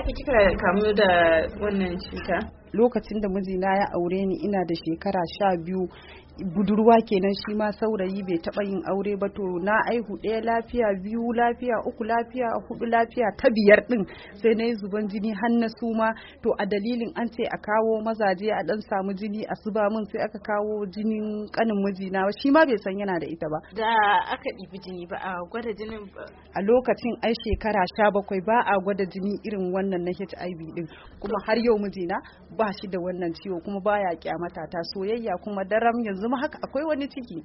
ake kika kamu da wannan cuta? Lokacin da mijina ya aure ni ina da shekara sha biyu budurwa kenan shi ma saurayi bai taba yin aure ba to na aihu ɗaya lafiya biyu lafiya uku lafiya hudu lafiya ta biyar ɗin sai na yi zuban jini har na suma to a dalilin an ce a kawo mazaje a ɗan samu jini a zuba min sai aka kawo jinin ƙanin mijina shi ma bai san yana da ita ba. Da aka ɗibi jini ba a gwada jinin ba. A lokacin ai shekara sha bakwai ba a gwada jini irin wannan wannan na HIV din kuma har yau mijina ba shi da wannan ciwo kuma baya kyamata ta soyayya kuma daram yanzu ma haka akwai wani ciki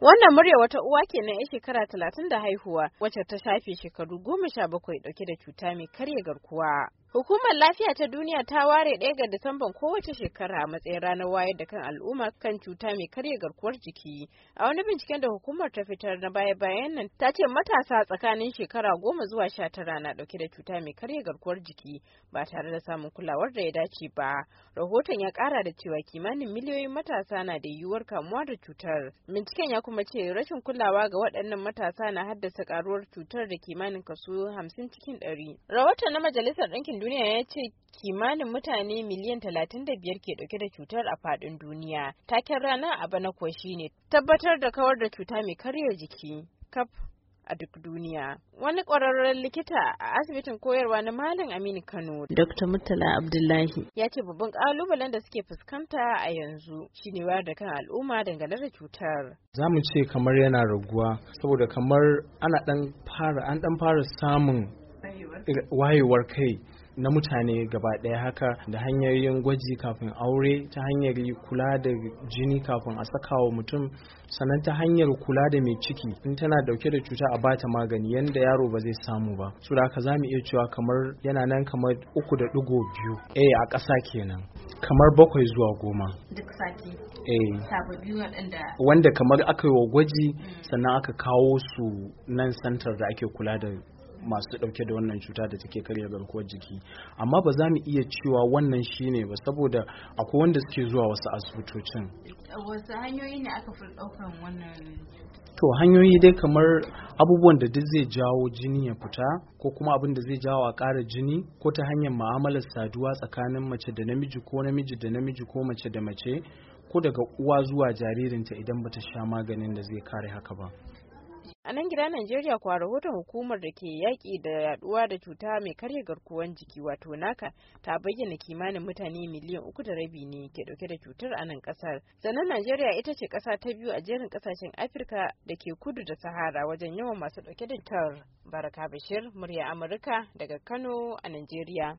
Wannan murya wata uwa kenan ya shekara talatin da haihuwa wacce ta shafe shekaru goma sha bakwai dauke da cuta mai karya garkuwa. Hukumar Lafiya ta Duniya ta ware ɗaya ga Disamban kowace shekara a matsayin ranar wayar da kan al'umma kan cuta mai karya garkuwar jiki. A wani binciken da hukumar ta fitar na baya-bayan nan ta ce matasa tsakanin shekara goma zuwa sha tara na ɗauke da cuta mai karya garkuwar jiki ba tare da samun kulawar da ya dace ba. Rahoton ya ƙara da cewa kimanin miliyoyin matasa na da yiwuwar kamuwa da cutar. Binciken ya kuma ce rashin kulawa ga waɗannan matasa na haddasa ƙaruwar cutar da kimanin kaso hamsin cikin ɗari. Rahoton na Majalisar Ɗinkin duniya ya ce kimanin mutane miliyan 35 ke dauke da cutar a fadin duniya. Taken rana a bana kuwa ne. tabbatar da kawar da cuta mai karya jiki kaf a duk duniya. Wani kwararren likita a asibitin koyarwa na Malam Aminu Kano, Dr. Murtala Abdullahi, ya ce babban kalubalen da suke fuskanta a yanzu shine wayar da kan al'umma dangane da cutar. Za mu ce kamar yana raguwa saboda kamar ana dan fara an dan fara samun wayewar kai na mutane gaba ɗaya haka da hanyoyin gwaji kafin aure ta hanyar kula da jini kafin a sakawa mutum sannan ta hanyar kula da mai ciki in tana dauke da cuta a bata magani yanda yaro ba zai samu ba su da haka za iya cewa kamar yana nan kamar uku da ɗigo biyu eh, a ƙasa kenan kamar bakwai zuwa goma duk sati eh wanda kamar aka yi wa gwaji mm. sannan aka kawo su nan santar da ake kula da masu dauke da wannan cuta da take karya garkuwar jiki amma ba za mu iya cewa wannan shine ba saboda akwai wanda suke zuwa wasu asibitocin wasu hanyoyi ne aka fi daukan wannan to hanyoyi dai kamar abubuwan da duk zai jawo jini ya fita ko kuma abin da zai jawo a ƙara jini ko ta hanyar ma'amalar saduwa tsakanin mace da namiji ko namiji da namiji ko mace da mace ko daga uwa zuwa jaririnta idan bata sha maganin da zai kare haka ba A nan gida Najeriya kuwa rahoton hukumar da ke yaƙi da yaduwa da cuta mai karya garkuwar jiki wato naka ta bayyana kimanin mutane miliyan uku da rabi ne ke dauke da cutar a nan kasar. Sannan Najeriya ita ce ƙasa ta biyu a jerin ƙasashen Afirka da ke kudu da Sahara wajen yawan masu dauke da cutar. Baraka Bashir, murya Amurka daga Kano a Najeriya.